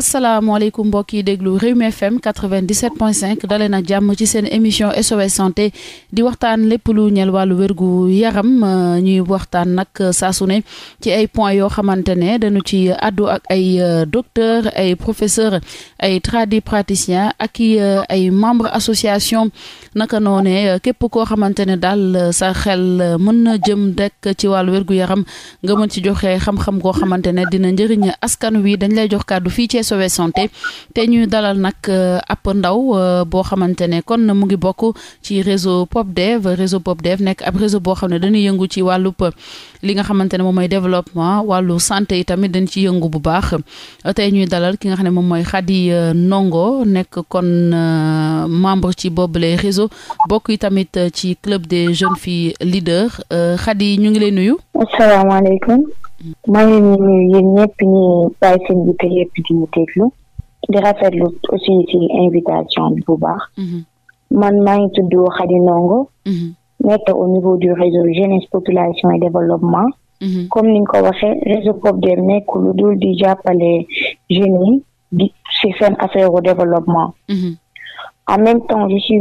asalaamaaleykum mbokk yi déglu Rewmi FM 97.5 dalee na jàmm ci seen émission SOS santé di waxtaan lépp lu ñel wàllu wérgu yaram euh, ñuy waxtaan nag saa su ne ci ay points yoo xamante ne dañu ci addo ak ay euh, docteur ay professeur ay tradipraticiens ak i euh, ay membre association naka noone képp koo xamante ne daal sa xel mën na jëm dekk ci wàllu wérgu yaram nga mën ci joxe xam-xam koo xamante ne dina njëriñ askan wi dañ lay jox kaddu fii ci SOS santé te ñuy dalal nag euh, ab ndaw euh, boo xamante ne kon mu ngi bokk ci réseau pop PopDev réseau PopDev nekk ab réseau boo xam ne dañuy yëngu ci wàllub li nga xamante ne moom mooy développement wàllu santé yi tamit dañ ci yëngu bu baax tey ñuy dalal ki nga xam ne moom mooy Khady euh, Ndongo nekk kon membre ci boobule réseau bokk yi tamit ci club des jeunes filles leaders Khady ñu ngi lay nuyu. asalaamaaleykum. maa ngi leen di nuyu yéen ñëpp ñu bàyyi seen yitte yëpp di ñu aussi invitation bi bu baax. Mhm. man maa ngi tudd Khady Ndongo. Mhm. nekk au niveau du réseau jeunesse population et développement. Mhm. comme ni nga ko waxee réseau POPDEV nekk lu du di jàppale jeunes yi di seen affaire au développement. en même temps je suis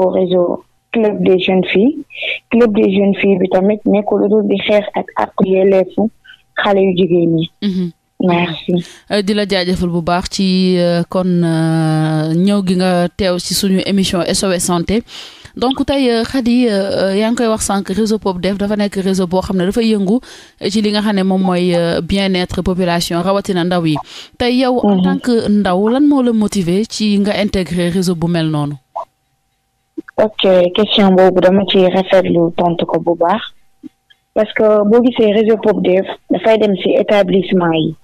au réseau club des jeunes filles club des jeunes filles bi tamit nekkul lu dul di xeex ak ak yelleefu xale yu jigéen ñi. Mhm. merci. Euh, di la jaajëfal bu baax ci euh, kon euh, ñëw gi nga teew ci suñu émission SOS santé donc tey Khady yaa ngi koy wax sànq réseau def dafa nekk réseau boo xam ne dafa yëngu ci li nga xam ne moom mooy bien-être population rawatina ndaw yi. tey yow. en mhm. tant ndaw lan moo la motiver ci nga intégrer réseau bu mel noonu. ok question boobu dama ci rafetlu tontu ko bu baax parce que boo gisee réseau POPDEV dafay dem ci établissement yi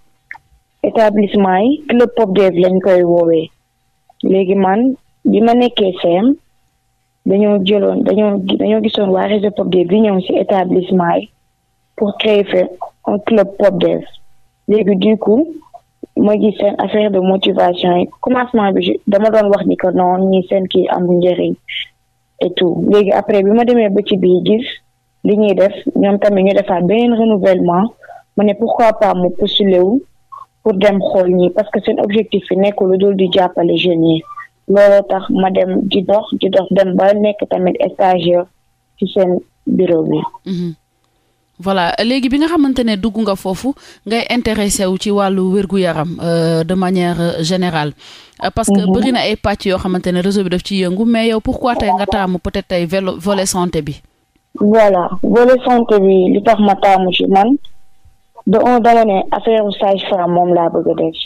établissement yi club POPDEV lañ koy woowee léegi man bi ma nekkee CM dañoo jëloon dañoo dañoo gisoon waa réseau POPDEV di ñëw ci établissement yi pour créer fait un club POPDEV léegi du coup ma gis seen affaire de motivation yi commencement bi dama doon wax ni que non ñi seen kii amul njëriñ et léegi après bi ma demee ba ci bii gis li ñuy def ñoom tamit ñu defaat beneen renouvellement ma ne pourquoi pas mu postuler wu pour dem xool ñi parce que seen objectif yi nekkul lu dul di jàppale jeunes yi looloo tax ma dem di dox di dox dem ba nekk tamit stagiaire ci seen bureau bi. Mm-hmm. voilà léegi bi nga xamante ne dugg nga foofu ngay intéressé wu ci wàllu wér-gu-yaram euh, de manière euh, générale euh, parce que mhm. bëri na ay pàcc yoo xamante ne réseau bi def ci yëngu mais yow pourquoi tey nga taamu peut-être tey vélo volet santé bi voilà volet santé bi li tax ma taamu ci man de on dama ne affaire u sage moom laa bëgg a def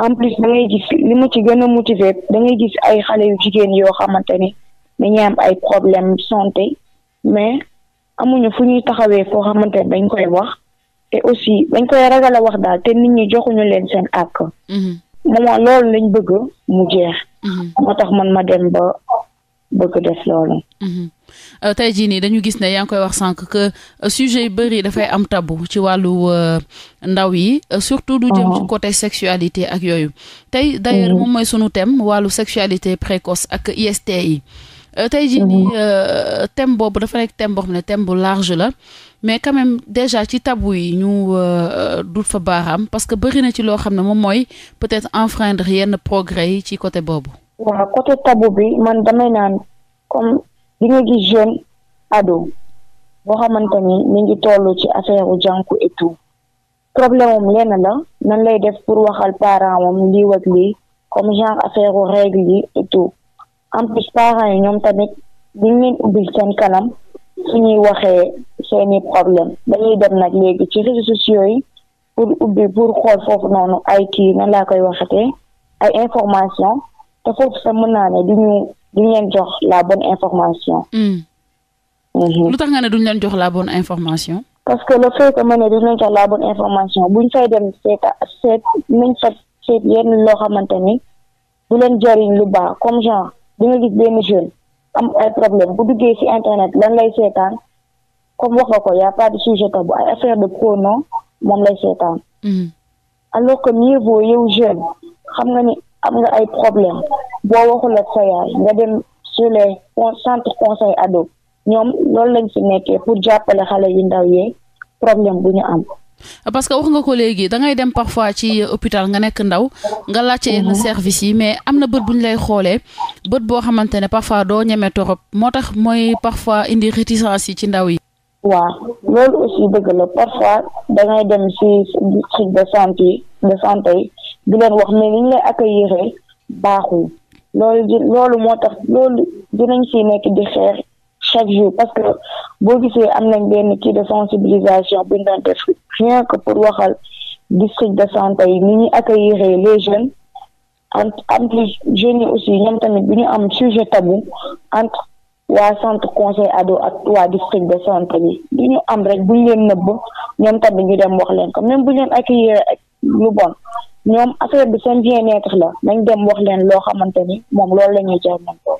en plus da gis li ma ci gën a motiver da ngay gis ay xale yu jigéen yoo xamante ne dañuy ay problème santé mais amuñu fu ñuy taxawee foo xamante ne dañ koy wax te aussi dañ koy ragal wax daal te nit ñi joxuñu leen seen àq. moment mhm. loolu lañ bëgg mu jeex. Mhm. moo tax man ma dem ba bëgg def loolu. Mhm. Euh, tey jii nii dañu gis ne yaa ngi koy wax sànq que euh, sujet yu bëri dafay am tabu ci wàllu euh, ndaw yi. surtout du jëm ci côté sexualité ak yooyu. tey d'ailleurs moom mooy sunu thème wàllu sexualité précoce ak IST yi. Euh, tey jii nii euh, boobu dafa nekk thème boo ne thème bu large la mais quand même déjà ci tabou yi ñu euh, dut fa baaxaam parce que bëri na ci loo xam ne moom mooy peut-être enfreindre yenn progrès yi ci côté boobu. waaw côté tabou bi man damay naan comme di nga gis jeune ado boo xamante ni ngi toll ci affaire u jànku et tout lenn la nan lay def pour waxal parent am lii lii comme genre affaire u règle yi et en plus parents yi ñoom tamit duñ leen ubbil seen kanam suñuy waxee seeni problème dañuy dem nag léegi ci réseaux sociaux yi pour ubbi pour xool foofu noonu ay ki nan laa koy waxatee ay information te foofu sax mën naa ne duñu duñ leen jox la bonne information hmm. mhm. lu tax nga ne duñ leen jox la bonne information parce que le fait que ma ne duñ jox la bonne information buñ fay dem seeta seet nañ loo xamante ni du leen jariñ lu baax di gis benn jeune am ay problème bu duggee ci internet lan lay seetaan comme wax nga ko y' a pas de sujet ay affaire de pronom moom lay seetaan. Hmm. alors que mieux vaut jeune xam nga ni am nga ay problème boo waxul ak sa nga dem sur les conseil ado ñoom loolu lañ ci nekkee pour jàppale xale yu ndaw yee problème bu ñu am. parce que wax nga ko léegi dangay ngay dem parfois ci hôpital nga nekk ndaw nga laajte yenn mhm. service yi mais am na bët bu ñu lay xoolee bët boo xamante ne parfois doo ñeme torop moo tax mooy parfois indi réticence yi ci ndaw yi. waaw loolu aussi dëgg la parfois da ngay dem ci district de santé de santé yi di leen wax ne ni ñu lay accueillir baaxul loolu di loolu moo tax loolu dinañ ci nekk di xeex chaque jour parce que boo gisee am nañ benn kii de sensibilisation bu ñu doon def rien que pour waxal district de santé yi ni ñuy accueillir les jeunes entre entre jeunes yi aussi ñoom tamit bu ñu am sujet tabou entre waa centre conseil ado ak waa district de santé bi du ñu am rek bu ñu leen nëbb ñoom tamit ñu dem wax leen ko même bu ñu leen accueillir ak lu bon ñoom affaire bi seen bien la nañ dem wax leen loo xamante ni moom loolu la ñuy jar nañ ko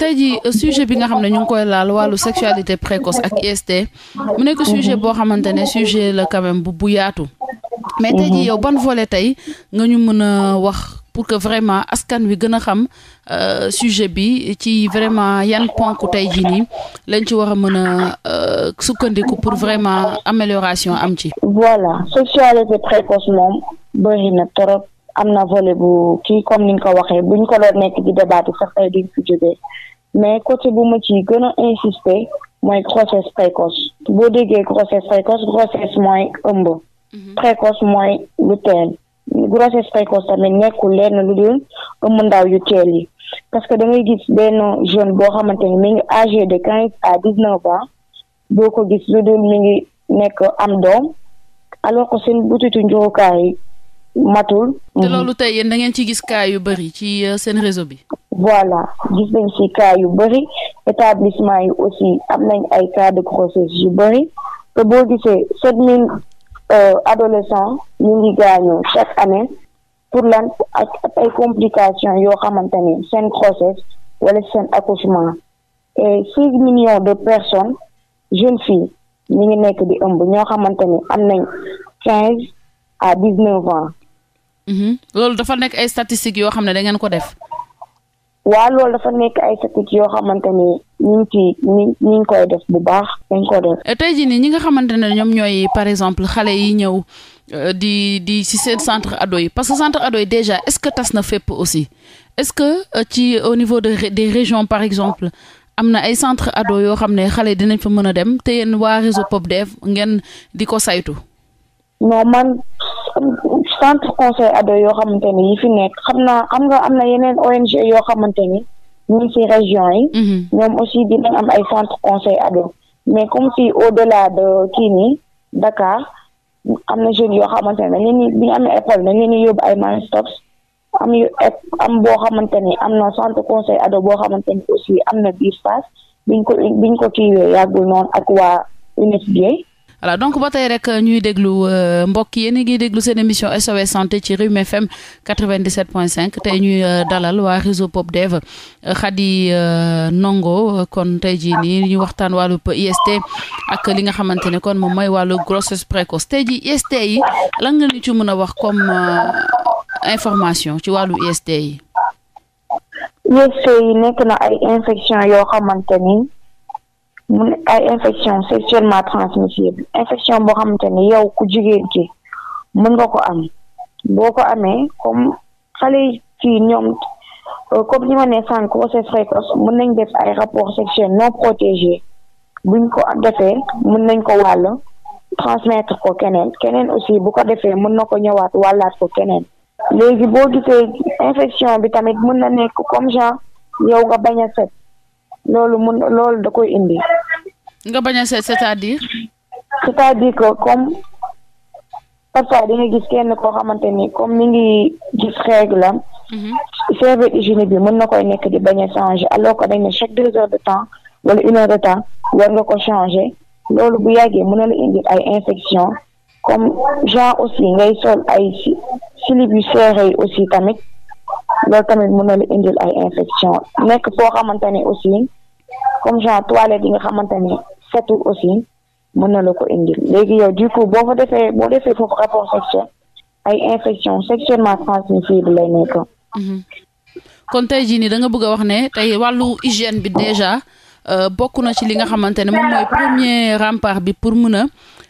tey jii euh, sujet bi nga xam ne ñu ngi koy laal wàllu sexualité précoce ak IST mu nekk sujet boo xamante ne sujet la quand même bu bu yaatu mais tey jii mhm. yow ban volet tey nga ñu mën a wax pour que vraiment askan wi gën a xam euh, sujet bi ci vraiment yan ponk tey jii nii lañ ci war a mën a euh, sukkandiku pour vraiment amélioration am ci. voilà sexualité précoce moom. bëri na trop am na volet bu kii comme ni nga ko waxee buñ ko doon nekk di débat yi sax tey duñ fi jógee mais côté bu ma ci gën a insister mooy grossesse précoce boo déggee grossesse précoce grossesse mooy ëmb mhm. précoce mooy lu teel grossesse précoce tamit nekkul lenn lu dul ëmb ndaw yu tel yi parce que da gis benn jeune boo xamante ni mi ngi âgé de quinze à dix neuf ans boo ko gis lu dul mi ngi nekk am doom alors que butitu njurukaay matul. te loolu tey yéen da ngeen ci gis cas yu bëri ci euh, seen réseau bi. voilà gis nañ ci cas yu bëri établissement yi aussi am nañ ay cas de grossesse yu bëri te boo gisee sept mille euh, adolescents ñu ngi gaañoo chaque année pour lan ak ay complications yoo xamante ni seen grossesse wala seen accouchement et six millions de personnes jeunes filles ñu ngi nekk di ëmb ñoo xamante ni am nañ quinze à dix-neuf ans. Mm-hmm. loolu dafa nekk ay statistiques yoo xam ne da ngeen ko def. waaw loolu dafa nekk ay statistiques yoo xamante ni ñu ngi ciy ñu ngi koy def bu baax dañ ko def. Eh, tey jii nii ñi nga xamante ne ñoom ñooy par exemple xale yi ñëw euh, di di ci seen centre ado yi parce que centre ado yi déjà est-ce que tas na fépp aussi est-ce que euh, ci au niveau de des régions par exemple am na ay centre ado yoo xam ne xale dinañ fa mën a dem te yéen waa réseau POPDEV ngeen di ko saytu. non centre conseil ado yoo xamante ni yi fi nekk xam naa xam nga am na yeneen ONG yoo xamante ni ñu ngi ci région yi mhm. ñoom aussi dinañ am ay centre conseil ado mais comme si au delà de kii nii Dakar am na jeunes yoo xamante ne dañ leen bi ñu amee école dañ leen ay man stops am yu am boo xamante ni am na centre conseil ado boo xamante ni aussi am na biir biñ ko biñ ko kiiwee yàggul noonu ak waa UNFPA voilà donc ba tey rek euh, ñuy déglu euh, mbokk yéen a ngi déglu seen émission SOS santé ci Rewmi FM 97.5 tey ñuy euh, dalal waa réseau PopDev Khady Ndongo kon tey jii nii ñu waxtaan wàllu IST ak li nga xamante ne kon moom mooy wàllu grossesse précoce tey jii IST yi lan nga ñu ci mun a wax comme information ci wàllu IST yi. nekk na ay infection yoo xamante mu ne ay infection sexuellement transmissible infection boo xamante ne yow ku jigéen ki mun nga ko am boo ko amee comme xale yi fii ñoom euh, comme ni ma ne sànq grossesse précoce mun nañ def ay rapport sexuel non protégé buñ ko defee mun nañ ko wàll transmettre ko keneen keneen aussi bu ko defee mën na ko ñëwaat wàllaat ko keneen léegi boo gisee infection bi tamit mën na nekk comme genre yow nga bañ a loolu mun loolu da koy indi. nga bañ a seet c'est-à-dire. c'est-à-dire que comme parfois di gis kenn koo xamante ni comme mi ngi gis règle am. service mhm. hygiénique bi mën na koy nekk di bañ a changer alors que dañ ne chaque deux heures de temps wala une heure de temps war nga ko changer loolu bu yàggee mën na la indi ay infection comme genre aussi ngay sol ay slip yu serré aussi tamit. loolu tamit mën na la indil ay infection nekk foo xamante ne aussi comme genre toilette yi nga xamante ne setul aussi mën na la ko indil léegi yow du coup boo fa defee boo defee foofu rapport sexuel ay infection sexuellement transmissible lay nekk. Mhm. kon tey jii nii da nga bëgg a wax ne tey wàllu hygiène bi déjà euh, bokk na ci li nga xamante moom mooy premier rempart bi pour mën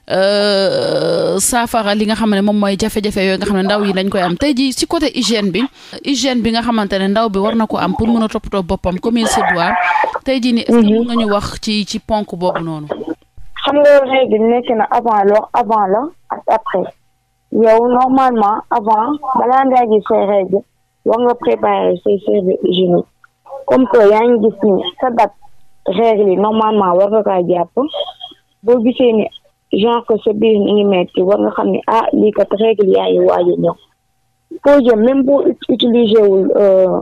Euh, saafara li nga xam ne moom mooy jafe-jafe yooyu nga xam ndaw yi dañ koy am tey jii ci côté hygiène bi hygiène bi nga xamante ne ndaw bi war na ko am pour mën a toppatoo boppam comme il se doit tey jii ni est-ce nga ñu wax ci ci ponk boobu noonu. xam nga règle nekk na avant lor avant la ak après yow normalement avant balaa ngaa gis say règle war nga préparer say services comme que yaa ngi gis ni sa date règle yi normalement war nga kaa jàpp boo gisee ni genre que sa biir mi ngi metti war nga xam ne a ah, lii kat règle yaa ngi a ñëw foo jëm même boo utilisé wul euh,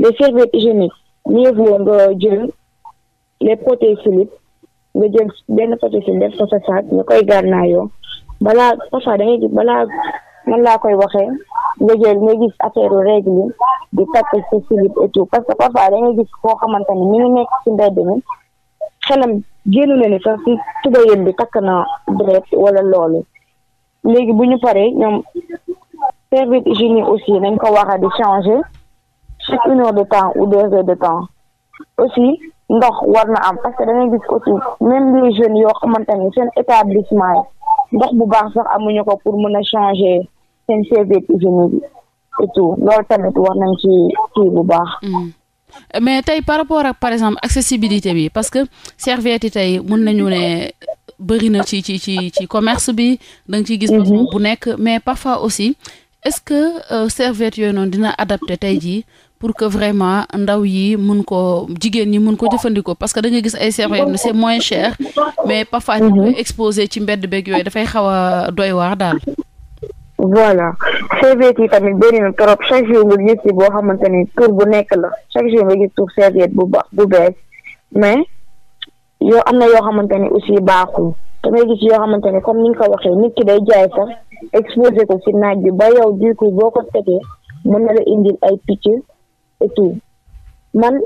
les serviettes hygiéniques mieux vaut nga jël les protèges Philips nga jël benn protège Philips def ko sa saak nga koy gànnaayoo balaa parfois da ngay gis man laa koy waxee nga jël nga gis affaire règle yi di takk sa Philips et parce que parfois da ngay gis koo xamante ni mi mi xelam génnu na ni sax si tubéyam bi takk na deret wala loolu léegi bu ñu paree ñoom service hygiène aussi nañ ko wax a di changer chaque une de temps ou deux de temps aussi ndox war na am parce que da gis aussi même les jeunes yoo xamante ni seen établissement yi ndox bu baax sax amuñu ko pour mun a changer seen service hygiène bi tout loolu tamit war nañ ci kii bu baax. Mm. mais tey par rapport ak par exemple accessibilité bi parce que serviette yi tey mun nañu ne bëri na ci ci ci ci commerce bi da nga ciy gis mhm. bu nekk mais parfois aussi est-ce que euh, serviette noonu dina adapté tey jii pour que vraiment ndaw yi mun ko jigéen ñi mun ko jëfandikoo parce que da gis ay serviette c'est moins cher mais parfois ñu mhm. koy exposé ci mbedd beeg yooyu dafay xaw a doy waar daal voilà serviette yi tamit bëri na trop chaque jour nga gis boo xamante ni tur bu nekk la chaque jour nga gis tur serviette bu baax bu bees mais yoo am na yoo xamante ni aussi baaxul da ngay gis yoo xamante ni comme ni nga waxee nit ki day jaay sax exposé ko ci naaj bi ba yow du boo ko tegee mën na la indil ay picc et tout man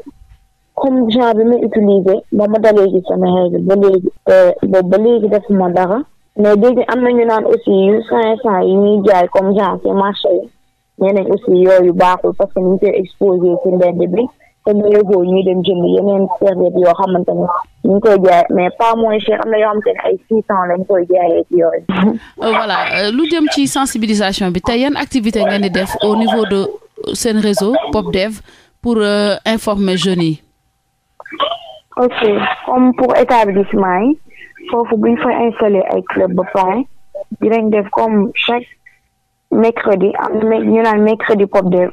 comme genre bi muy utiliser ba ma dalee gis sama xeetu ba léegi ba léegi defuma dara. mais dégg am na ñu naan aussi yu cinq cent yi ñuy jaay comme genre ci marché yi ñeneen aussi yooyu baaxul parce que ñu ngi koy exposé ci mbedd bi te ñuy ñuy dem jënd yeneen serviette yoo xamante ne ñu ngi koy jaay mais pas moins cher am na yoo xamante ne ay six cent lañ koy yo ci yooyu. Euh, voilà euh, lu jëm ci sensibilisation bi tey yan activité ngeen di def au niveau de seen réseau PopDev pour euh, informer jeunes yi. ok comme pour établissement yi. foofu bu ñu fa installé ay club ba pare dinañ def comme chaque mercredi am na ñu naan mercredi pop dev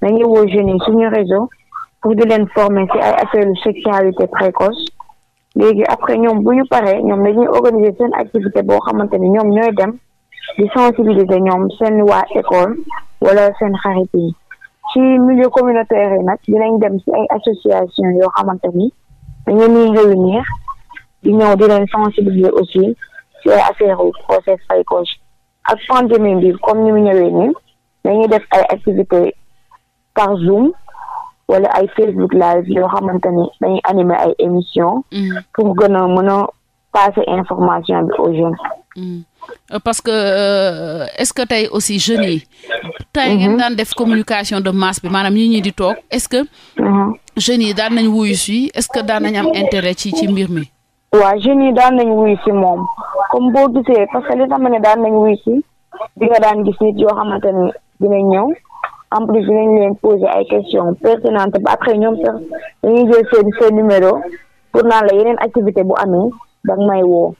dañuy woo jeunes yi suñu réseau pour di leen former ci ay affaire sexualité précoce léegi après ñoom bu ñu paree ñoom dañuy organiser seen activité boo xamante ni ñoom ñooy dem di sensibiliser ñoom seen waa école wala seen xarit yi ci milieu communautaire yi di dinañ dem si ay association yoo xamante ni dañu ñuy di ñëw di leen sensibiliser aussi ci ay affaire u process fay ko ak pandémie bi comme ni mu ñëwee nii dañuy def ay activités par zoom wala ay facebook la yoo xamante ni dañuy animer ay émissions mm. pour gën a mën a passer information bi au jeunes mm. euh, parce que euh, est-ce que tey aussi jeunes yi tey ngeen mm-hmm. daan def communication de masse bi maanaam ñi ñi di toog est-ce que mm-hmm. jeunes yi daan nañ wuyu si est-ce que daan nañ am intérêt ci ci mbir mi waaw jeunes yi daan nañ wuy si moom comme boo gisee parce que li tax ma ne daan nañ wuy si di nga daan gis nit yoo xamante ne dinañ ñëw en plus dinañ leen poser ay questions pertinentes ba après ñoom sax dañuy jël seen seen numéro pour naa la yeneen activité bu amee da nga may woo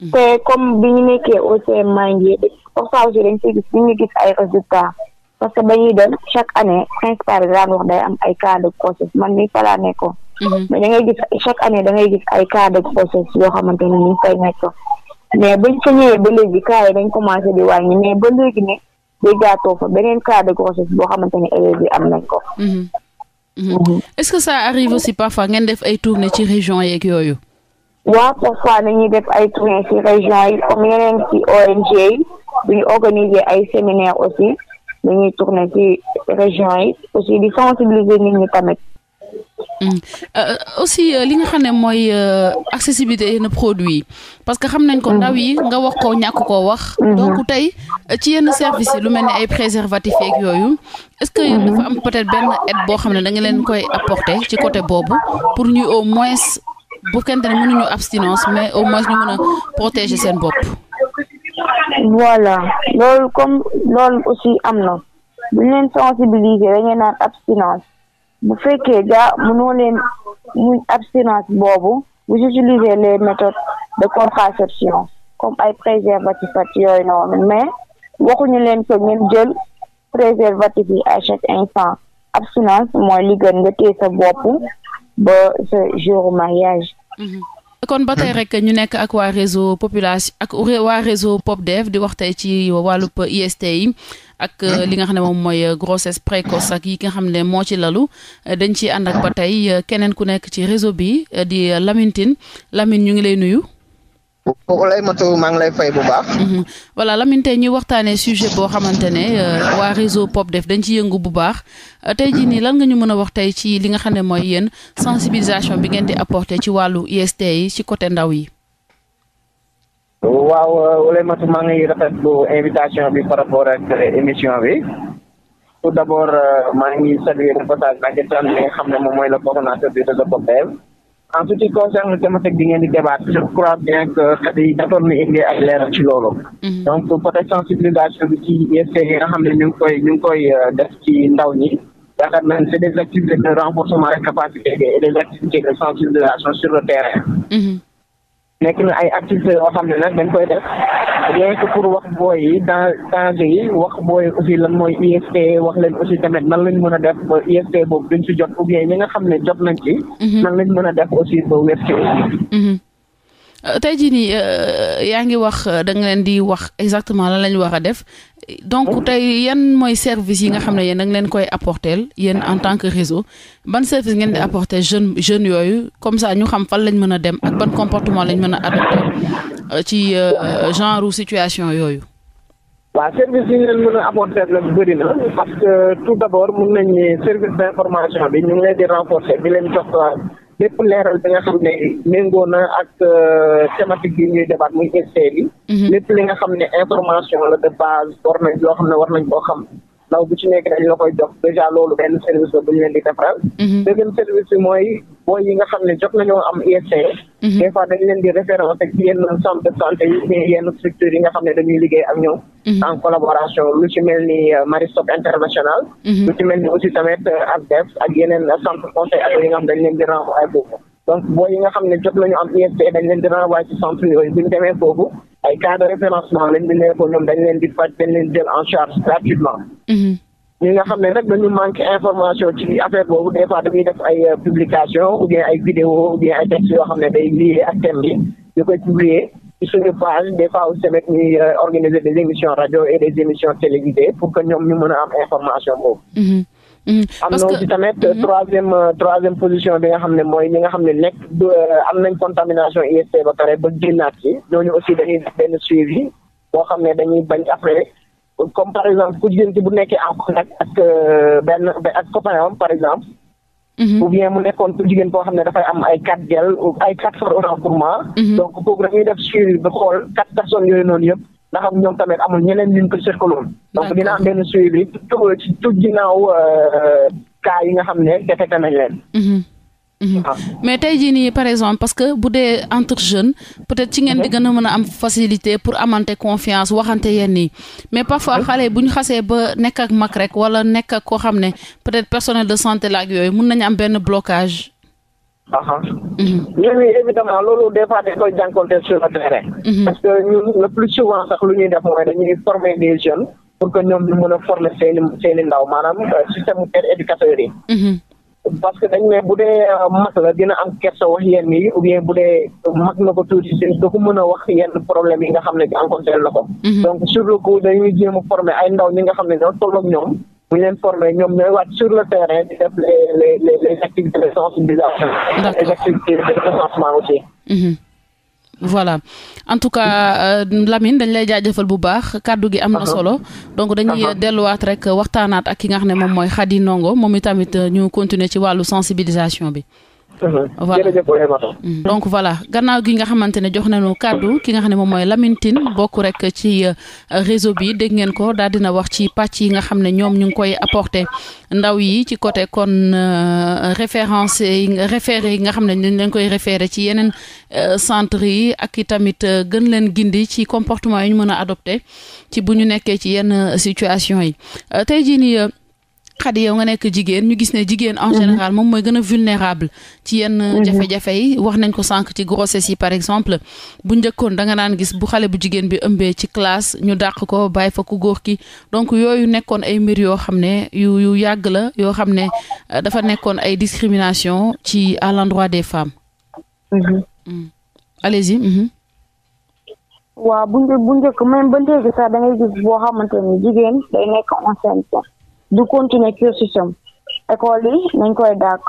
hmm. te comme bi ñu nekkee au CM Mandié pour ça aussi dañ siy gis ñu ngi gis ay résultats parce que ba dem chaque année principal bi daan wax day am ay cas de man mii fa laa Mm-hmm. mais da ngay gis chaque année da ngay gis ay cas de grossesse yoo xamante ne ñu ngi fay mais bañ fa ñëwee ba léegi cas yi dañ commencé di wàññi mais ba léegi ne déggaatoo fa beneen cas de grossesse boo xamante ne élèves yi am nañ ko. Mm-hmm. Mm-hmm. est-ce que ça arrive aussi parfois ngeen def ay tournées ci région yeeg yooyu. waaw parfois nañuy def ay tournées ci région yi comme yeneen ci ONG yi bu ñu organiser ay séminaire aussi dañuy tourner ci région yi aussi di sensibiliser nit ñi tamit. Mm. Euh, euh, aussi euh, li nga xam ne mooy accessibilité yenn produit parce que xam nañ ko ndaw yi nga wax ko ñàkk koo wax mm-hmm. donc tey ci yenn service yi lu mel ne ay préservatif yeeg yooyu est-ce que mm-hmm. dafa am peut-être benn aide boo xam ne da nga leen koy apporter ci côté boobu pour ñuy au moins bu kent ne mënuñu abstinence mais au moins ñu mën a protéger seen bopp voilà loolu comme loolu am na bu leen sensibiliser da naan abstinence bu fekkee gaa mënoo leen muñ abstinence boobu vous utilisez les méthodes de contraception comme ay a préservatif ak yooyu noonu mais waxuñu leen se ngeen jël préservatif yi à chaque instant abstinence mooy li gën nga téye sa bopp ba sa jour mariage mm-hmm. kon ba tey rek ñu nekk ak waa réseau population ak waa réseau PopDev di wax tey ci wàllub IST yi ak mhm. euh, li nga xam ne moom mooy euh, grossesse précoce ak yi nga xam ne moo ci lalu euh, dañ ci ànd ak ba tey keneen ku nekk ci réseau bi di lamintine Lamine ñu ngi lay nuyu Olay Mato maa ngi lay fay bu baax. Mhm. voilà Lamine tey ñuy waxtaanee sujet boo xamante ne euh, waa réseau POPDEF dañ ci yëngu bu baax euh, tey jii nii lan nga ñu mën a wax tey ci li nga xam ne mooy yéen sensibilisation bi ngeen di apporter ci wàllu IST yi ci côté ndaw yi. waaw euh, Olay Mato maa ngi rafetlu invitation bi par rapport ak émission bi tout d'abord maa ngi saluer de passage Maguette Thiam mi nga xam ne moom mooy le coordonnateur du réseau POPDEF. en ce qui concerne thématique bi ngeen di débat je crois bien que xale yi jotoon na indi ay leeral ci loolu. Mhm. donc peut sensibilisation bi ci ISC yi nga xam ne ñu ngi koy ñu koy euh, def ci ndaw ñi yaakaar naa ne c'est des renforcement des capacités et sensibilisation sur le terrain. Mhm. nekk na ay activités yoo xam ne nag dañ koy def rien que pour wax booy yi dans danger yi wax booy aussi lan mooy IST wax leen aussi tamit nan lañ mën a def ba IST boobu duñ si jot ou bien ñi nga xam ne jot nañ ci. Mhm. nan lañ mën a def aussi ba wér ci aussi. Mhm. Euh, tey jii nii euh, yaa ngi wax euh, da leen di wax exactement la lañ wax a def donc tey yan mooy service yi nga xam ne yéen da leen koy apporter yéen en tant que réseau ban service ngeen di apporter jeune jeunes yooyu comme ça ñu xam fan lañ mën a dem ak ban comportement lañ mën a adopter ci genre situation yooyu. waaw service yi ñu leen mën a apporter la bëri na parce que tout d'abord mun nañ service d'information bi ñu ngi leen di renforcer di leen jox. lépp leeral bi nga xam ne méngoo na ak euh, thématique bi ñuy débat muy essai bi mhm. lépp li nga xam ne information la de base war nañ loo xam ne war nañ koo xam ndaw bu ci nekk dañ la koy jox dèjà loolu benn service la bu leen di defaral. Mhm. deuxième service bi mooy booy yi nga xam ne jot nañoo am ISC. E. Mhm. des fois dañ leen di référence ak yenn centre de santé yi nga xam ne dañuy liggéey ak ñoom. Mhm. en collaboration lu ci mel ni euh, Maristop International. lu ci mel ni aussi tamit euh, ASDEF ak yeneen centre conseil ak yi nga xam dañ leen di renvoyer foofu donc booy yi nga xam ne jot nañu am ISC e dañ leen di renvoyer ci centre yooyu bu ñu demee foofu. ay cas de référencement lañ bi ne ko ñoom dañ leen di faj dañ leen jël en charge gratuitement mhm. ñi nga xam ne rek nag dañu manque information ci affaire boobu des fois dañuy def ay euh, publication ou bien ay vidéo ou bien ay texte yoo xam ne day lié ak thème bi ñu koy publier ci suñu page des fois aussi tamit ñuy euh, organiser des émissions radio et des émissions télévisées pour que ñoom ñu mën a am information boobu mhm. Mm-hmm. am na aussi tamit mm-hmm. troisième euh, troisième position bi nga xam ne mooy ñi nga xam ne nekk euh, am nañ contamination IST ba pare ba génnaat ci ñooñu aussi dañuy def benn suivi boo xam ne dañuy bañ après comme par exemple ku jigéen ci bu nekkee en contact ak euh, benn ak copain par exemple. Mm-hmm. ou bien mu nekkoon ku jigéen koo xam ne dafay am ay quatre gel ay quatre fois orange pour moi. donc kooku dañuy def suivi ba xool quatre personnes yooyu noonu yëpp. ndax ñoom tamit amul ñeneen ñun ko seqaloon. donc dina am benn suivi ci tout ginnaaw euh, yi nga xam ne détecté nañ leen. Mhm. Mhm. Ah. mais tey jii nii par exemple parce que bu dee entre jeunes peut-être ci ngeen di mhm. gën a mën a am facilité pour amante confiance waxante yenn yi mais parfois xale bu ñu xasee ba nekk ak mag rek wala nekk ak koo xam ne peut-être personnel de santé lag yooyu mun nañu am benn blocage. ñooñu mhm. évidemment loolu des fois dañ koy jànkoonte sur le terrain. Mhm. parce que ñun le sax lu ñuy def mooy dañuy former des jeunes pour que ñoom ñu mën a former seeni seeni ndaw maanaam euh, système éducateur yi. Mhm. parce que dañ ne bu dee euh, mag la dina am kersa wax yenn yi ou bien bu dee mag na ko tuuti si da mën a wax yenn problème yi nga xam ne bi rencontré na ko. donc sur le coup dañuy jéem former ay ndaw ñi nga xam ne ñoo toll ak ñoom. bu ñu leen formé ñoom ñooy wàcc sur le terrain di def les les les les sensibilisation. Mhm. en tout cas euh, Lamine dañ lay jaajëfal bu baax kàddu gi am na solo donc dañuy delluwaat rek waxtaanaat ak ki nga xam ne moom mooy Khady nongo moom itamit euh, ñu continuer ci wàllu sensibilisation bi. Mhm. voilà mhm. donc voilà gannaaw gi nga xamante ne jox nañu kaddu ki nga xam ne moom mooy Lamine Tine bokk rek ci euh, réseau bi dégg ngeen ko daal dina wax ci pàcc yi nga xam ne ñoom ñu ngi koy apporter ndaw yi ci côté kon euh, référence yi référé yi nga xam ne dañ leen koy référé ci yeneen euh, centre yi ak i tamit gën leen gindi ci comportement yi ñu mën a adopté ci bu ñu nekkee ci yenn situation yi tey jii nii xadi yow nga nekk jigéen ñu gis ne jigéen en mhm. général moom mooy gën a vulnérable ci yenn mhm. jafe-jafe wax nañ ko sànq ci grossesse yi par exemple bu njëkkoon da naan gis bu xale bu jigéen bi ëmbee ci classe ñu dàq ko bàyyi fa ku góor ki donc yooyu nekkoon ay mbir yoo xam ne yu yu yàgg la yoo xam ne euh, dafa nekkoon ay discrimination ci à l'endroit des femmes mhm. mm. allez-y waaw bu njëkk même ba léegi sax da gis boo xamante jigéen day nekk enceinte du continuer cursus am école yi nañ koy dàq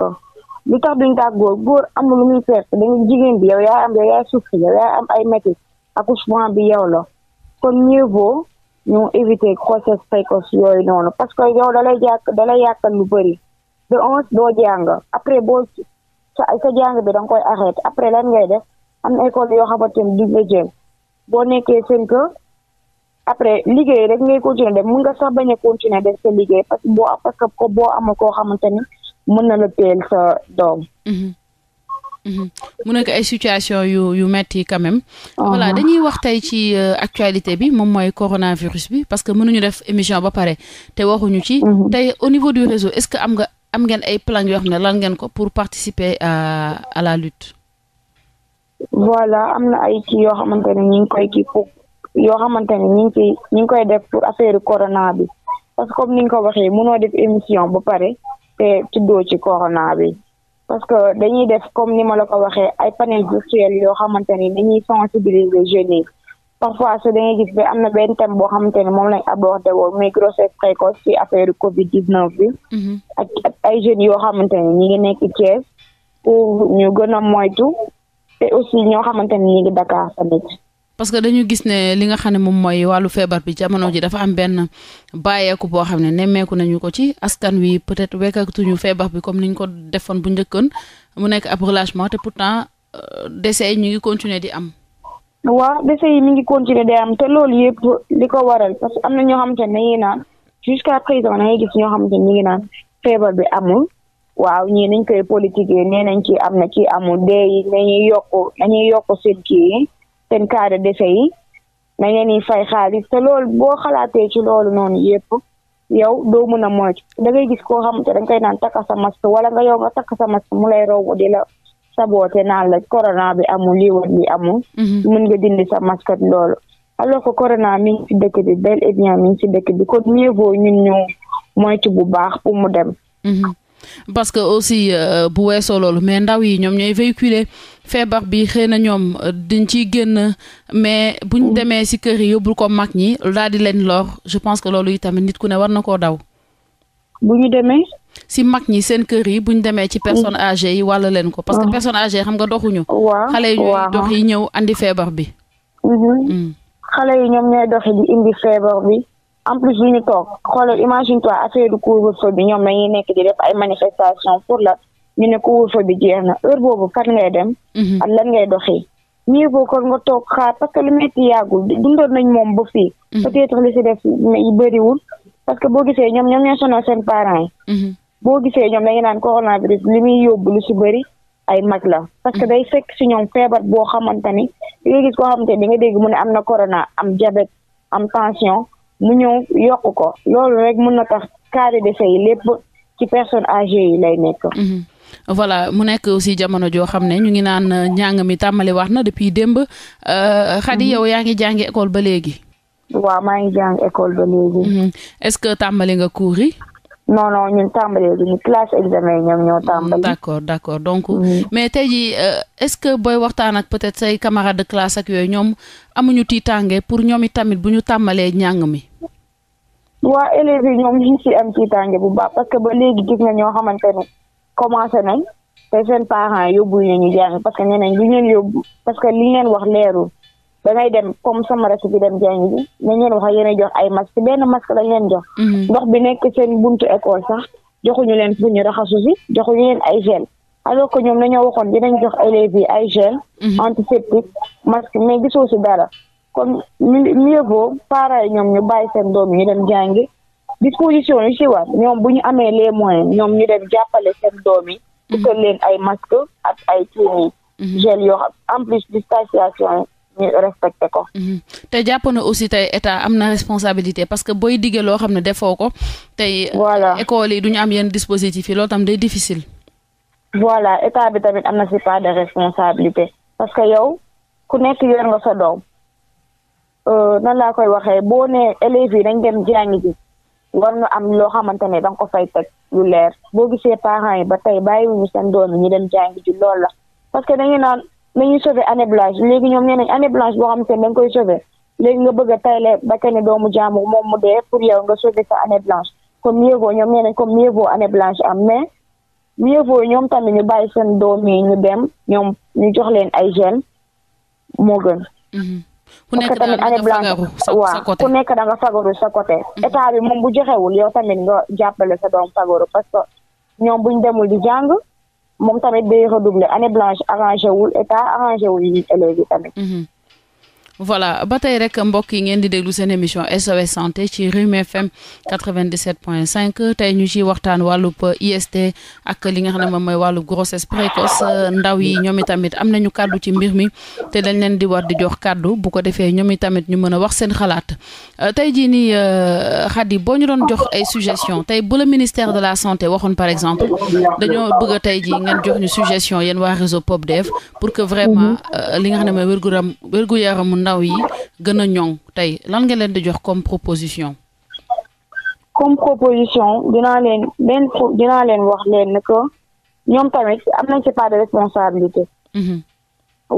lu tax duñ dàq góor góor amul lu muy perte da jigéen bi yow yaay am yow yaay souffrir yow yaay am ay métit accouchement bi yow la kon mieux vaut ñu éviter grossesse précoce yooyu noonu parce que yow dalay jàkk dalay yàqal lu bëri de onze doo jàng après boo sa sa jàng bi da koy arrêté après lan ngay def am na école yoo xamante ni duñ la jël boo nekkee seen kër après liggéey rek ngay continuer def mun nga sax bañ a continuer def sa liggéey parce que boo parce ko boo amul koo xamante ni mën na la teel sa doom. Mhm. Mhm. mu nekk ay situation yu yu metti quand même. Ah. voilà dañuy wax tey ci euh, actualité bi moom mooy coronavirus bi parce que mënuñu def émission ba pare te waxuñu ci. Mhm. tey au niveau du réseau est-ce que am nga am ngeen ay plan yoo xam ne lan ngeen ko pour participer à la lutte. voilà am na ay kii yoo xamante ne ñu koy kii pour yoo xamante ne ñu ngi ciy ñu ngi koy def pour affaire corona bi parce que comme ni nga ko waxee noo def émission ba pare te tuddoo ci corona bi parce que dañuy def comme ni ma la ko waxee ay panel virtuel yoo xamante ni dañuy sensibiliser jeunes yi parfois su dañuy gis ba am na benn thème boo xamante ni moom lañ abordé woon muy grossesse précoce ci affaire Covid 19 bi. Mhm. ak ak ay jeunes yoo xamante ni ñi ngi nekk Thiès pour ñu gën a moytu te aussi ñoo xamante ni ñi ngi Dakar tamit. parce que dañu gis ne li nga xam ne moom mooy wàllu feebar bi jamono ji dafa am benn bàyyeeku boo xam ne nemmeeku nañu ko ci askan wi peut-être wekkatuñu feebar bi comme niñ ko defoon bu njëkkoon mu nekk ab te pourtant euh, décès yi ñu ngi continuer di am. waaw décès yi mi ngi continuer di am te loolu yëpp li ko waral parce que am na ñoo xamante ne dañuy naan jusqu'à présent da ngay gis ñoo xam ne ñu ngi naan feebar bi amul. waaw ñii nañ koy politique nee nañ ci am na ci amul dee yi yokk nañuy yokk seen kii seen cas de décès yi na ngeen di fay xaalis te loolu boo xalaatee ci loolu noonu yëpp yow doo mun a moytu da ngay gis koo xamante dañ koy naan takka sa masque wala nga yow nga takka sa masque mu lay romb di la saboote naan la corona bi amul lii woon li amul. Mhm. mun nga dindi sa masque loolu. alors que corona mi ngi ci dëkk bi bel et bien mi ngi ci dëkk bi kon mieux vaut ñun ñu moytu bu baax pour mu dem. Mhm. parce que aussi euh, bu weesoo loolu mais ndaw yi ñoom ñooy véhiculer feebar bi xëy na ñoom euh, dañ ciy génn mais buñ oh. demee ci kër yi yóbbul ko mag ñi daal di leen lor je pense que loolu yi tamit nit ku ne war na koo daw. bu ñu demee. ci mag ñi seen kër yi bu ñu demee ci personnes mm. âgées yi wàll leen ko. parce que ah. personnes âgées xam nga doxuñu. waaw xale yi ñooy dox ñëw andi feebar bi. Mm-hmm. Mm. xale yi ñoom ñooy doxi di indi feebar bi. en plus lu ñu toog xoolal imagine toi affaire du couvre-feu bi ñoom dañuy nekk di def ay manifestation pour la ñu ne couvre-feu bi jeex na heure boobu fan ngay dem. Mhm. ak lan ngay doxi mieux vaut kon nga toog xaar parce que lu metti yàggul dundoon nañ moom ba fii. Mhm. peut-être li si def bëriwul parce que boo gisee ñoom ñoom ñoo sonal seen parents yi. Mhm. boo gisee ñoom dañu naan coronavirus li muy yóbbu lu si bëri ay mag la parce que day fekk si ñoom feebar boo xamante ni li nga gis koo xamante ni dégg mu ne am na corona am diabète am tension. mu ñëw yokk ko loolu rek mun na tax cas de décès yi lépp ci personne âgée yi lay nekk. Mhm. voilà mu nekk aussi jamono joo xam ne ñu ngi naan euh, njàng mi tàmbali wax na depuis démb. Euh, Khady mhm. yow yaa ngi jàngi école ba léegi. waaw maa ngi jàng école ba léegi. Mhm. est-ce que tàmbali nga cours yi. non non ñun tàmbalee duñu classe examen yi ñoom ñoo tàmbali. Mm, d'accord d'accord donc. Mm. mais tey jii euh, est-ce que booy waxtaan ak peut-être say camarades de classe ak yooyu ñoom amuñu tiitaange pour ñoom it tamit bu ñu tàmbalee njàng mi. waa élèves yi ñoom ñu si am tiitaange bu baax parce que ba léegi gis na ñoo xamante ne commencé nañ te seen parents yóbbu ñu ñu jàng parce que ñeneen du ñu leen yóbbu parce que li ngeen wax leerul. dangay dem comme sama recipe dem jàng bi nañ leen wax ak yéen jox ay masque benn masque lañ leen jox. Mhm. ndox bi nekk seen buntu école sax joxuñu leen fu ñu raxasu si joxuñu leen ay gel alors que ñoom dañoo waxoon dinañ jox élèves yi ay gel. Mhm. antiseptique masque mais gisoo si dara kon mieux vaut parents yi ñoom ñu bàyyi seen doom yi ñu dem jàngi disposition yi si war ñoom bu ñu amee les moyens ñoom ñu dem jàppale seen doom yi. Mhm. utal leen ay masque ak ay tuuti gel yoo xam en plus distanciation yi. ñu respecté ko. Mhm. te jàpp na aussi tey état am na responsabilité parce que boy diggee loo xam ne defoo ko. tey voilà école yi du ñu am yenn dispositif yi loolu tam day difficile. voilà état bi tamit am na si part de responsabilité parce que yow ku nekk yor nga sa doom euh, nan laa koy waxee boo nee élèves yi dañ dem jàngi ji war nga am loo xamante ne da nga ko fay teg lu leer boo gisee parent yi ba tey bàyyiwuñu seen doom yi ñu dem jàngi ji loolu la parce que dañu naan nañu sauver année blanche léegi ñoom nee nañ année blanche boo xam te ne koy sauver léegi nga bëgg a tayle ba kenn doomu jàmbur moom mu dee pour yow nga sauver sa année blanche comme mieux vaut ñoom nee nañ comme mieux année blanche am mais mieux vaut ñoom tamit ñu bàyyi seen doom yi ñu dem ñoom ñu jox leen ay gènes moo gën. Mhm. ku nekk da nga fagaru sa côté waaw ku nekk da nga sa côté. état bi moom bu joxewul yow tamit nga jàppale sa doom fagaru parce que ñoom buñ demul di jàng. moom tamit day redoubler année blanche arrangé wul état arrangé wul élèves yi tamit. Mm-hmm. voilà ba tey rek mbokk yi ngeen di déglu seen émission SOS santé ci Rewmi FM 97.5 tey ñu ci waxtaan wàllu IST ak li nga xam ne moom mooy wàllub grossesse précoce ndaw yi ñoom tamit am nañu kàddu ci mbir mi te dañ leen di war di jox kàddu bu ko defee ñoom tamit ñu mën a wax seen xalaat euh, tey jii nii euh, Khady boo ñu doon jox ay suggestion tey bu la ministère de la santé waxoon par exemple dañoo bëgg a tey ji ngeen jox ñu suggestion yéen waa réseau POPDEV pour que euh, li nga xam ne mooy wérgu yaram ndaw yi gën a ñoŋ tey lan nga leen di jox comme proposition. comme dinaa leen benn dinaa leen wax leen que ñoom tamit am nañ ci part de responsabilité. Mhm.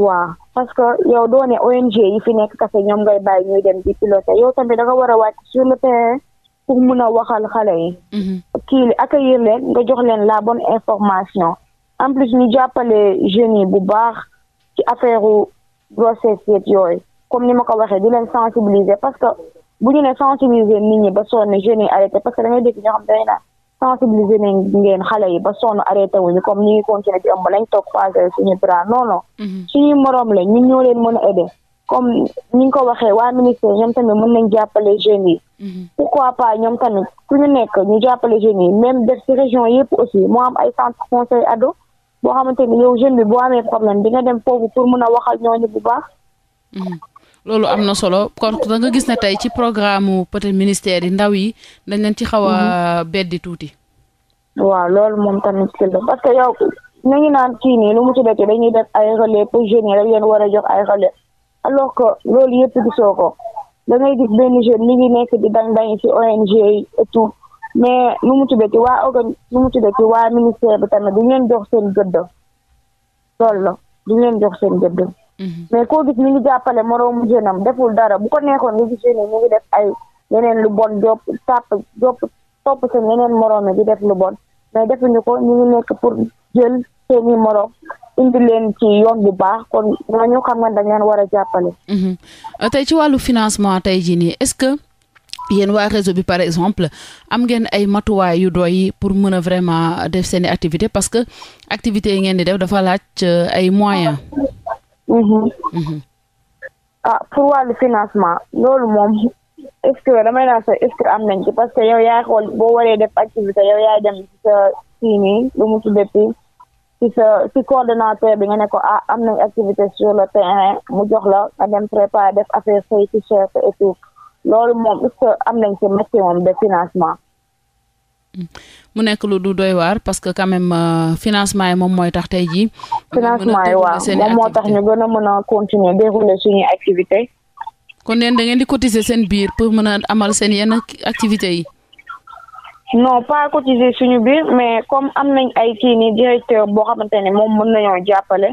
waaw parce que yow doone ONG yi fi nekk kase ñoom ngay bàyyi ñuy dem di piloté yow tamit da nga war a wàcc sur le terrain pour mun a waxal xale yi. Mhm. kii li accueillir leen nga jox leen la bon information en plus ñu jàppale jeunes yi bu baaire grossesse yooyu comme ni ma ko waxee di leen sensibiliser parce que bu ñu ne sensibiliser nit ñi ba sonn jeunes yi parce que da ngay dégg ñoo xam dañu naan sensibiliser nañ ngeen xale yi ba sonn arrêté wuñu comme ni ngi continuer di ëmb lañ toog passé suñu bras non non mhm. suñuy moroom la ñun ñoo leen mën a aider comme ni nga waxee waa ministère ñoom tamit mën nañ jàppale jeunes yi mhm. pourquoi pas ñoom tamit ku ñu nekk ñu jàppale jeunes yi même def ci région yëpp aussi moo am ay centre conseil ado boo a waxal ñooñu bu baax mhm. loolu am na solo kon da nga gis na tey ci programme peut-être ministère yi ndaw yi dañ leen ci xaw mhm. beddi tuuti. waaw loolu moom tamit ci parce que yow ñu ngi naan kii nii lu mu ci dañuy def ay relais pour jeunes yi rek leen war a jox ay relais alors que loolu yëpp gisoo ko da ngay gis benn jeune mi ngi nekk di dang dang ci ONG yi et mais nu mu tuddee ci waa organ nu mu tuddee ci waa ministère bi tamit du ñu leen jox seen gëdd loolu la du ñu leen jox seen gëdd. Mm-hmm. mais koo gis mi ngi jàppale moroomu jënam deful dara bu ko nekkoon nga gis jeunes ngi def ay yeneen lu bon jopp tàpp jopp topp seen yeneen moroom yi di def lu bon mais defuñu ko ñu ngi nekk pour jël seeni moroom indi leen ci yoon bu baax kon ñooñu xam nga dañ leen war a jàppale. Mm-hmm. tey ci wàllu financement tey jii nii est-ce que yéen waa réseau bi par exemple am ngeen ay matuwaay yu doy pour mën a vraiment def seeni activité parce que activité yi ngeen di def dafa laaj euh, ay moyens. Mm-hmm. Mm-hmm. ah pour wàllu financement loolu moom est damay naan sax est am nañ ci parce que yow yaay xool boo waree def activité yow yaay dem si sa kii nii lu mu tuddee ci sa si coordonnateur bi nga ne ko ah am nañ activité sur le terrain mu jox la nga dem préparer def affaire say ci chef et tout loolu moom est ce que am nañ ci maximum de financement. Mm. mu nekk lu du doy waar parce que quand euh, financement yi moom mooy tax tey jii. financement yi waaw moom moo tax ñu gën a mën a continuer dérouler suñuy activité kon neen da ngeen di cotiser seen biir pour mën a amal seen yenn activités yi. no pas cotiser suñu biir mais comme am nañ ay kii ni directeur boo xamante ne moom mën nañoo jàppale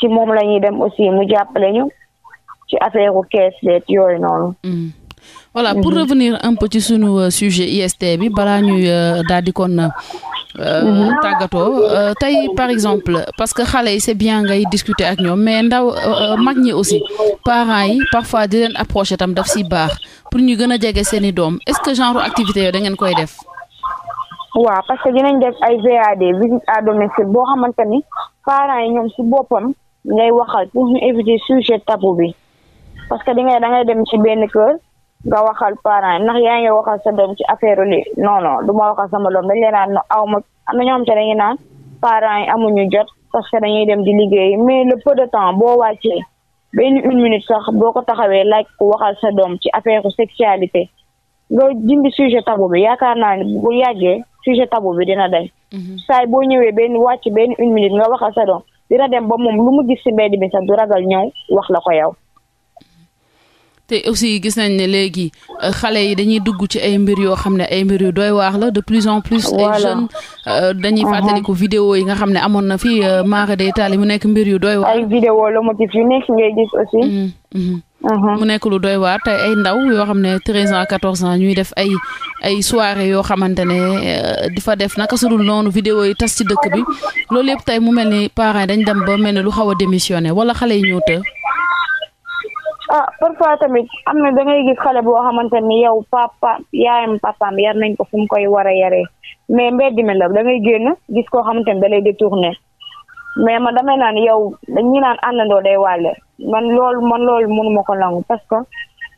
ci moom lañuy dem aussi mu jàppale ñu ci affaire u kees beet yooyu noonu. Mm. voilà pour mhm. revenir un peu ci sunu euh, sujet IST bi balaa ñuy euh, daal di kon euh, mhm. tàggatoo tey par exemple parce que xale yi c'est bien ngay discuter ak ñoom mais ndaw mag ñi aussi parents yi parfois di leen approcher tam daf si baax pour ñu gën a jege seeni doom est-ce que genre activité yooyu da ngeen koy def. waaw parce que dinañ def ay VAD visite à domicile boo xamante ni parents yi ñoom si boppam ngay waxal pour ñu éviter sujet tabou bi parce que da ngay dem nga waxal parent ndax yaa ngi waxal sa doom ci affaire li non non du ma waxal sama doom dañ leen naan aw ma am na ñoo xam te dañuy naan parents yi amuñu jot parce que dañuy dem di liggéey mais le peu de temps boo wàccee benn une minute sax boo ko taxawee laaj ko waxal sa doom ci affaire sexualité nga jimbi sujet tabou bi yaakaar naa ne bu yàggee sujet tabou bi dina dañ mhm. saay boo ñëwee benn wàcc benn une minute nga waxal sa doom dina dem ba moom lu mu gis ci mbedd bi sax du ragal ñëw wax la ko yow te aussi gis nañ ne léegi euh, xale yi dañuy dugg ci ay mbir yoo xam ne ay mbir yu doy waax la de plus en plus. ay jeunes euh, dañuy mhm. fàttaliku vidéo yi nga xam ne amoon na fi euh, mara day taali mu nekk mbir yu doy waax. ay vidéo mm, mm-hmm. mhm. mu nekk lu doy waar ay ndaw yoo xam ne treize ans quatorze ans ñuy def ay ay soirée yoo xamante ne di fa def naka su noonu vidéo yi tas ci dëkk bi loolu yëpp tey mu mel ni parent dañ dem ba mel ne lu xaw a démissionné wala xale yi ñëw të ah parfois tamit am na da gis xale boo xamante ni yow papa yaayam papaam yar nañ ko fu mu koy war a yaree mais mbedd mi la da génn gis koo xamante ni da lay détourné mais ma damay naan yow dañuy naan àndandoo day wàlle man lool man lool mënuma ko langu parce que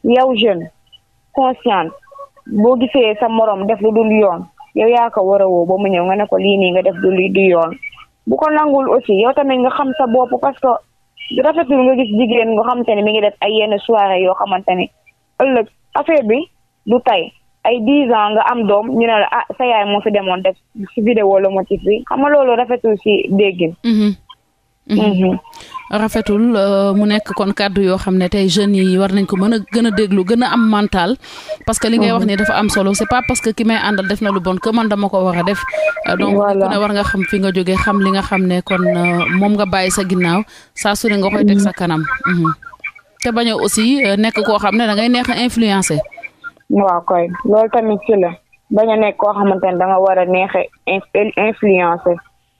yow jeune consciente boo gisee sa morom def lu dul yoon yow yaa ko war a woo ba mu ñëw nga ne ko lii nii nga def du du yoon bu ko nangul aussi yow tamit nga xam sa bopp parce que rafetul nga gis jigéen nga xamante ne mi ngi def ay yenn soirée yoo xamante ne ëllëg affaire bi du tey ay dix ans nga am doom ñu ne la ah sa yaay moo fi demoon def si vidéo la motif bi xam nga loolu rafetul si déggin mhm. Mhm. Mhm. rafetul euh, mu nekk kon kàddu yoo xam ne tey jeunes yi war nañ ko mën a gën a déglu gën a am mental parce que li ngay wax mhm. ni dafa am solo c'est pas parce que ki may àndal def na lu bon que man dama ko war a def euh, donc ku war nga xam fi nga jógee xam li nga xam ne kon euh, moom nga bàyyi sa ginnaaw saa su ne koy sa kanam te bañ a nekk koo xam ne da ngay neex a influencé loolu tamit ci la bañ a nekk koo xamante ne da war a neex a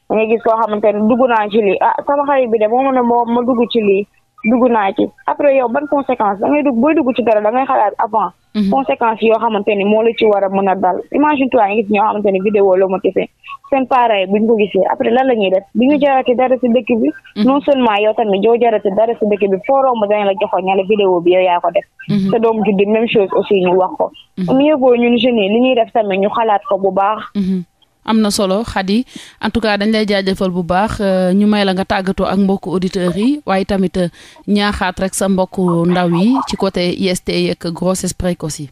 da ngay gis koo xamante ne dugg naa ci lii ah sama xarit bi de moo mën a moo dugg ci lii dugg naa ci après yow ban conséquence da dugg booy dugg ci dara da xalaat avant. Mhm. conséquence yoo xamante ni moo la ci war a mën a dal imagine toi nga gis ñoo xamante ni vidéo la motivé seen parents yi buñ ko gisee après la ñuy def bi ñu jarati dara si dëkk bi mhm. non seulement yow tamit joo jarati dara si dëkk bi foo romb la joxoon ña vidéo bi yow yaa ko def mhm. sa juddi même chose wax ko mieux li ñuy def tamit ñu xalaat ko bu baax am na solo Khady en tout cas dañ lay jaajëfal bu baax euh, ñu may la nga tàggatoo ak mbokku auditeurs yi waaye tamit euh, ñaaxaat rek sa mbokk ndaw yi ci côté IST yeeg grossesse précoce yi.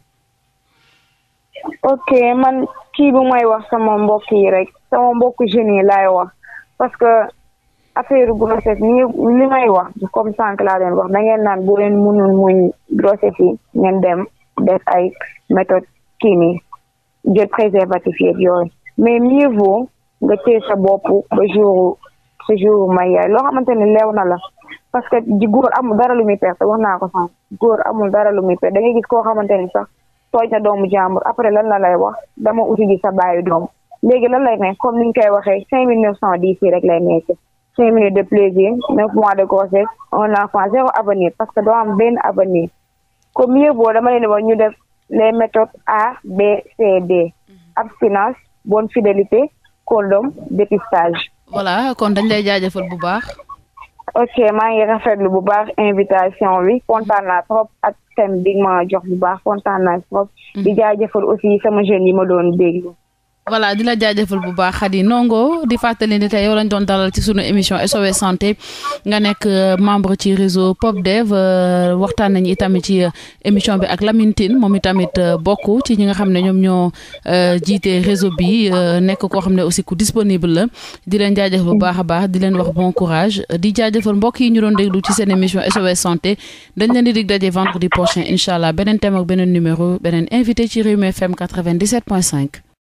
ok man kii bu may wax sama mbokk yi rek sama mbokku jeunes yi laay wax parce que affaire grossesse ni li may wax comme sànq laa leen wax da ngeen naan boo leen mënul muñ grossesse yi ngeen dem def ay méthode kii nii jël yooyu. mais mieux vaut nga téye sa bopp ba jour sa jour may loo xamante ne leew na la parce que ji góor amul dara lu muy perte wax naa ko sànq góor amul dara lu perte da ngay gis koo xamante ni sax tooñ na doomu jàmbur après lan la lay wax dama uti ji sa baayu doom léegi lan lay nekk comme ni ñu koy waxee cinq mille neuf cent dix yi rek lay nekk cinq minutes de plaisir neuf mois de grossesse un enfant zéro avenir parce que doo am benn avenir comme mieux vaut dama ne wax ñu def les méthodes A B bonne fidélité condom dépistage. voilà kon dañ lay jaajëfal bu baax. ok maa ngi rafetlu bu baax invitation bi kontaan naa trop ak thème bi ma jox bu baax kontaan naa trop. Mm-hmm. di jaajëfal aussi sama jeunes yi ma doon déglu. voilà di la jaajëfal bu baax Khady nongo di fàttali ni tey yow lañ doon dalal ci sunu émission SOS santé nga nekk euh, membre ci réseau PopDev euh, waxtaan nañu itamit ci euh, émission bi ak Lamine Tine moom itamit bokk ci ñi nga xam ne ñoom ñoo jiite réseau bi nekk koo xam ne aussi ku disponible la di leen jaajëfal bu baax a baax di leen wax bon courage di jaajëfal mbokk yi ñu doon déglu ci seen émission SOS santé dañ leen di dig daje vendredi prochain incha allah beneen thème ak beneen numéro beneen invité ci Rewmi FM 97.5.